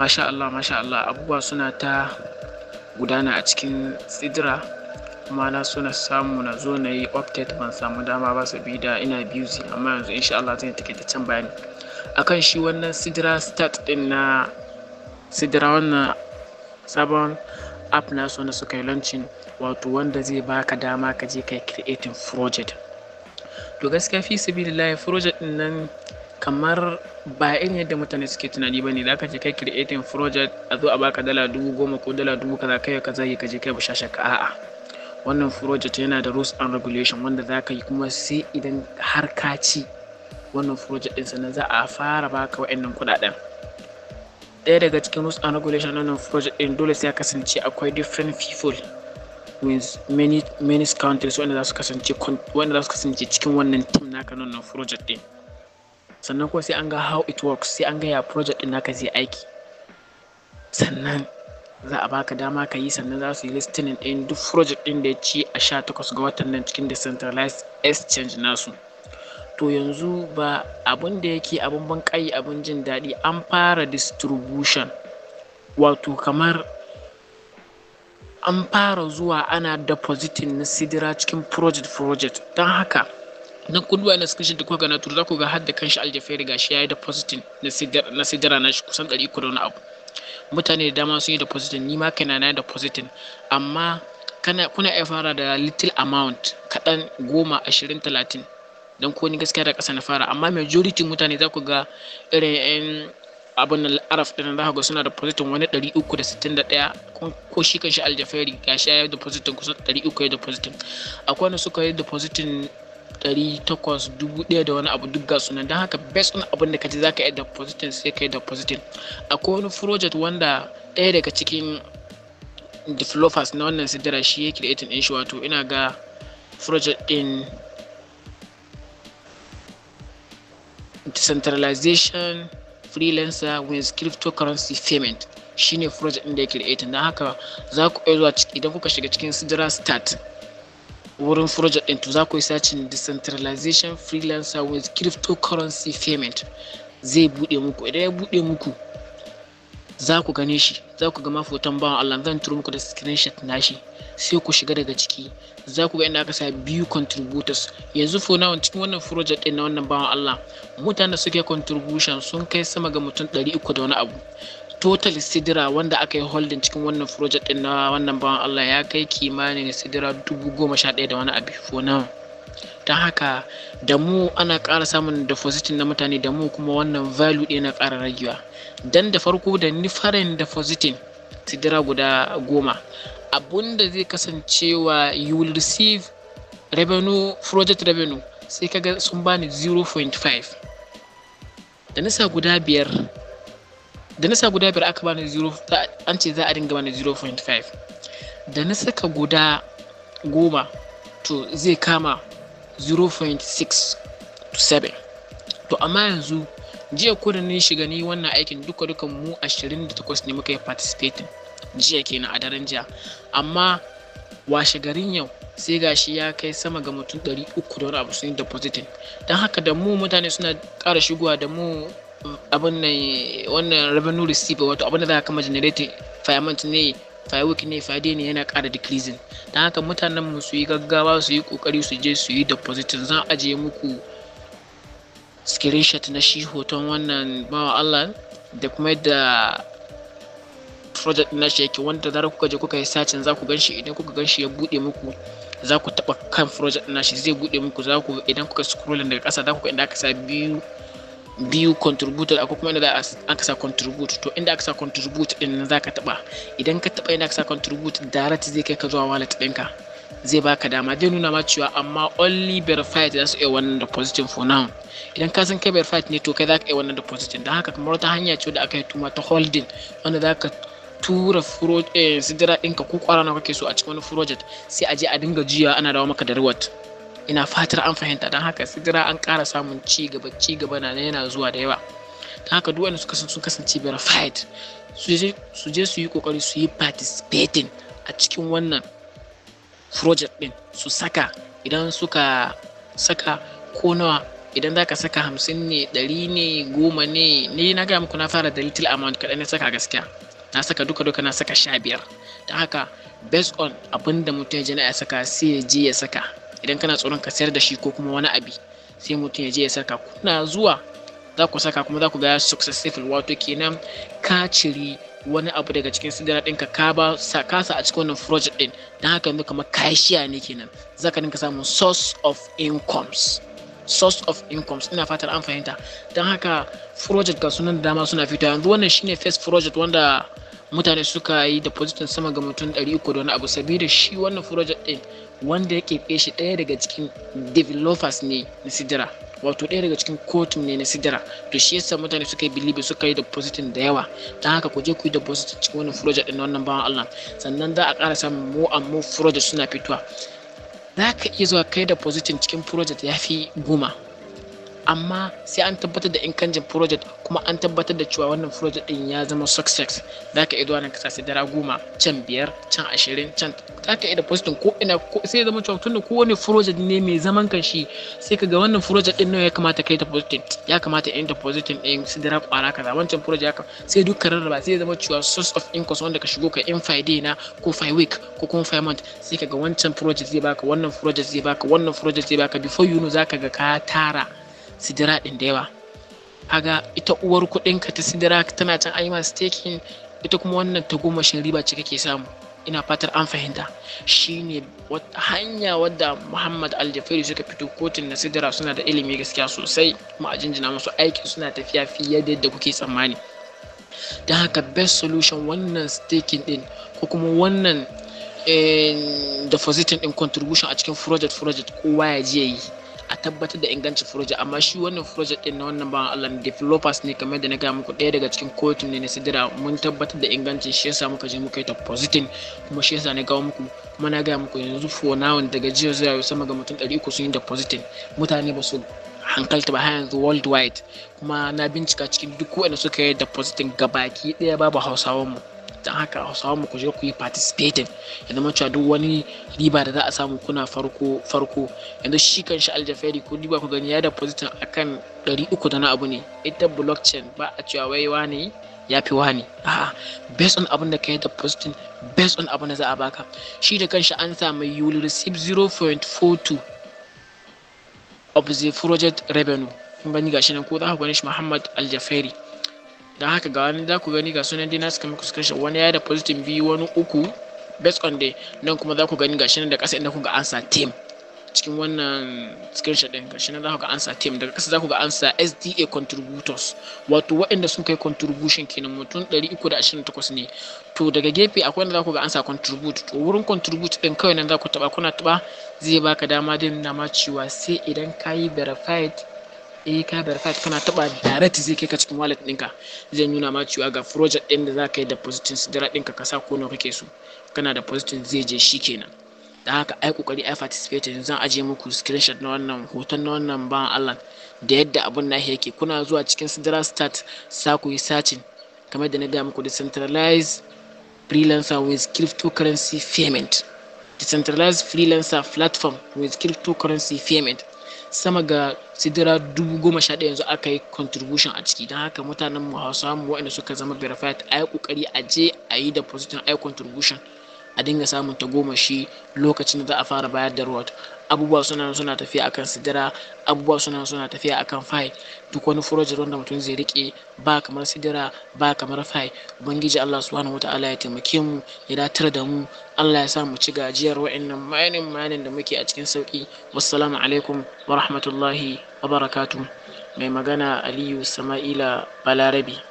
masha Allah masha Allah abubuwa suna ta gudana a cikin tsidira kuma na so na samu na zo na yi update ban samu dama ba sabida ina busy amma yanzu insha Allah zan ta can bayani akan shi wannan sidira start din na sidira wannan sabon app na so na suka yi launching wato wanda zai baka dama ka je kai creating project to gaskiya fi sabilillahi project din nan kamar ba irin yadda mutane suke tunani ba ne da aka ce kai creating project a zo a baka dala dubu goma ko dala dubu kaza kai ka zai ka je kai ba shashaka a'a wannan project yana da rules and regulation wanda za ka yi kuma sai idan har ka ci wannan project din sannan za a fara baka wa'annan kudaden ɗaya daga cikin rules and regulation wannan project din dole sai ya kasance akwai different people with many many countries wanda za su kasance cikin wannan team naka wannan project din sannan kuma sai an ga how it works sai an ga ya project din naka zai aiki sannan za a baka dama ka yi sannan za su yi listening din duk project din da ya ci a sha 18 ga watan nan cikin decentralized exchange nasu to yanzu ba abun da yake abun ban kai abun jin daɗi an fara distribution wato kamar an fara zuwa ana depositing na sidira cikin project project don haka nan kun duba na shi da kuka na turu za ku ga har da kanshi aljafari gashi yi depositing na sigara na shi kusan 300 da na abu mutane da dama sun yi depositing ni ma kaina na depositing amma kana kuna iya fara da little amount kaɗan goma ashirin talatin don ko ni gaskiya da ƙasa na fara amma majority mutane za ku ga irin yan abin araf ɗin za ku ga suna depositing wani ɗari uku da sittin da ɗaya ko shi kan shi aljafari shi ya yi positin kusan ɗari uku ya positin akwai wani suka yi positin dari takwas dubu daya da wani abu duk ga sunan don haka best on abin da ka ji za ka yi depositing sai ka yi depositing akwai wani project wanda daya daga cikin developers na wannan sidira shi ya creating ɗin shi wato ina ga project din decentralization freelancer with cryptocurrency payment shine project ɗin da ya creating don haka za ku iya zuwa idan kuka shiga cikin sidira start wurin project din to za ku yi sacin decentralization freelancer with cryptocurrency payment zai buɗe muku idan ya buɗe muku za ku gane shi za ku ga mafotan bawan Allah zan turo muku da screenshot shi sai ku shiga daga ciki za ku ga inda aka sa biyu contributors yanzu for now cikin wannan project din na wannan bawan Allah mutanen da suke contribution sun kai sama ga mutum 300 da wani abu total sidira wanda aka yi holding cikin wannan project din na wannan bawan Allah ya kai kimanin sidira dubu goma sha ɗaya da wani abu ko na don haka da mu ana ƙara samun deposit na mutane da mu kuma wannan value ɗin na ƙara ragewa dan da farko da ni farin deposit sidira guda goma abunda zai kasancewa you will receive revenue project revenue sai kaga sun bani 0.5 da nisa guda biyar da na sa guda biyar aka bani zero an ce za a dinga bani 0.5 da na saka guda goma to zai kama 0.6 to 7 to amma yanzu jiya ko da ni shiga ni wannan aikin duka duka mu 28 ne muka yi participating jiya ke na a daren jiya amma washe garin yau sai gashi ya kai sama ga mutum 300 da wani abu sun yi depositing don haka da mu mutane suna ƙara shigowa da mu abin nan wannan revenue receiver wato abin da za a kama generating fire month ne fire week ne fire day ne yana ƙara decreasing don haka mutanen mu su yi gaggawa su yi kokari su je su yi depositing zan ajiye muku screenshot na shi hoton wannan bawa Allah da kuma yadda project na shi yake wanda zara kuka je kuka yi searching za ku gan shi idan kuka gan shi ya bude muku za ku taba kan project na shi zai bude muku za ku idan kuka scrolling daga ƙasa za ku ga inda aka sa biyu biyu contributor akwai kuma inda an kasa contribute to inda aka sa contribute din za ka taba idan ka taba inda aka sa contribute direct zai kai ka zuwa wallet ɗinka zai baka dama zai nuna ma cewa amma only verified za su iya wannan depositin for now idan ka san kai verified ne to kai za ka iya wannan depositin don haka kamar wata hanya ce da aka yi tuma ta holding wanda za ka tura eh, sidira ɗinka ko kwarana kake so a cikin wani project sai a je a dinga jiya ana dawo maka da reward ina fatar an fahimta don haka sidira an ƙara samun ci gaba ci gaba na yana zuwa da yawa don haka duk wanda kasance sun kasance verified su je su yi kokari su yi participating a cikin wannan project din su saka idan suka saka ko nawa idan za ka saka hamsin ne ɗari ne goma ne ne na gaya muku na fara da little amount kaɗan na saka gaskiya na saka duka duka na saka sha biyar don haka based on abin da mutum ya na ya saka sai ya je ya saka idan kana tsoron ka sayar da shi ko kuma wani abi sai mutum ya je ya saka kuna zuwa za ku saka kuma za ku ga successful wato kenan ka ciri wani abu daga cikin sidira ɗinka ka ba sa kasa a cikin wannan project ɗin don haka yanzu kamar kashiya ne kenan za ka dinka samun source of incomes source of incomes ina fatar an fahimta don haka project ga sunan da dama suna fito yanzu wannan shine first project wanda mutane suka yi depositin sama ga mutum 300 da wani abu sabida shi wannan project ɗin. wanda ya keɓe shi daya daga cikin developers ne na sidira wato ɗaya daga cikin kotun ne na sidira to shi yasa mutane suka yi bilibi suka yi depositin da yawa don haka ku je ku yi depositin cikin wannan project ɗin wannan bawan Allah sannan za a ƙara samun mu amma project suna fitowa za ka iya zuwa kai depositin cikin project ya fi goma amma sai an tabbatar da inkanjin project kuma an tabbatar da cewa wannan project din ya zama success za ka iya nan ka sa dara goma can biyar can ashirin can za ka iya da ko ina sai zama cewa tunda kowane project ne mai zaman kanshi sai ka ga wannan project din nawa ya kamata kai ta posting ya kamata in ta posting din su dara kwara ka kaza wancan project ya kamata sai duk ka rarraba sai zama cewa source of income wanda ka shigo ka in day na ko five week ko kuma five month sai ka ga wancan project zai baka wannan project zai baka wannan project zai baka before you know za ka ga ka tara sidira ɗin da yawa haga ita uwar kuɗinka ta sidira tana can ayi masu staking ita kuma wannan ta goma shin riba ce kake samu ina fatar an fahimta shine hanya wadda muhammad aljafari suka fito kotun na sidira suna da ilimi gaskiya sosai kuma a jinjina musu aikin suna tafiya fiye da yadda kuke tsammani don haka best solution wannan staking din ko kuma wannan eh, depositing din contribution a cikin project project kowa ya je yi tabbatar da ingancin project amma shi wannan project din na wannan bawan Allah developers ne kamar da na ga muku ɗaya daga cikin kotun ne na sidira mun tabbatar da ingancin shi yasa muka je muka yi depositing kuma shi yasa na ga muku kuma na ga muku yanzu for now daga jiya zuwa yau sama ga mutum 300 sun yi depositing mutane ba su hankalta ba har yanzu worldwide kuma na bincika cikin duk waɗanda suka yi depositing gabaki ɗaya babu hausawan mu don haka a samu ku je ku yi participating yanzu zama cewa duk wani riba da za a samu kuna farko farko yanzu shi kan shi aljafari ko riba ku gani ya da position akan 300 da na abu ne ita blockchain ba a cewa wai wani ya fi wani a'a based on abin da ka yi da position based on abin da za a baka shi da kanshi an samu you will receive 0.42 of the project revenue in gani gashi nan ko za ku gani shi Muhammad Aljafairi don haka ga wani za ku gani ga sunan dinar suka muku screenshot wani ya da positive biyu wani uku based on day nan kuma za ku gani ga nan da ƙasa inda ku ga ansa team cikin wannan screenshot din ga nan za ku ga ansa team daga ƙasa za ku ga ansa SDA contributors wato waɗanda sun kai contribution kenan mutum 328 ne to daga gefe akwai wanda za ku ga ansa contribute to wurin contribute din kawai nan za ku taba kuna taba zai baka dama din na ma cewa sai idan ka yi verified eh ka verify kana taba direct zai kai ka cikin wallet ɗinka zai nuna ma cewa ga project ɗin da za yi depositin sidira ɗinka ka sa ko nawa kake so kana depositin zai je shi kenan da haka ai kokari ai participate zan aje muku screenshot na wannan hoton na wannan ban Allah da yadda abun na yake kuna zuwa cikin sidira start sa ku yi searching kamar da na ga muku decentralized freelancer with cryptocurrency payment decentralized freelancer platform with cryptocurrency payment sama ga sidira dubu goma sha yanzu aka yi contribution a ciki don haka mutanen mu hausa mu waɗanda suka zama verified a yi ƙoƙari a je a yi deposition a yi contribution a dinga samun ta goma shi lokacin da za a fara bayar da ruwa. abubuwa suna suna tafiya akan sidira abubuwa suna suna tafiya akan fai duk wani furojin wanda mutum zai rike ba kamar sidira ba kamar fai bangiji Allah subhanahu wataala ya taimake mu ya datar da mu Allah ya sa mu ci gajiyar wa'annan mayanin mayanin da muke a cikin sauki wassalamu alaikum wa rahmatullahi wa barakatuh mai magana Aliyu Sama'ila Balarabi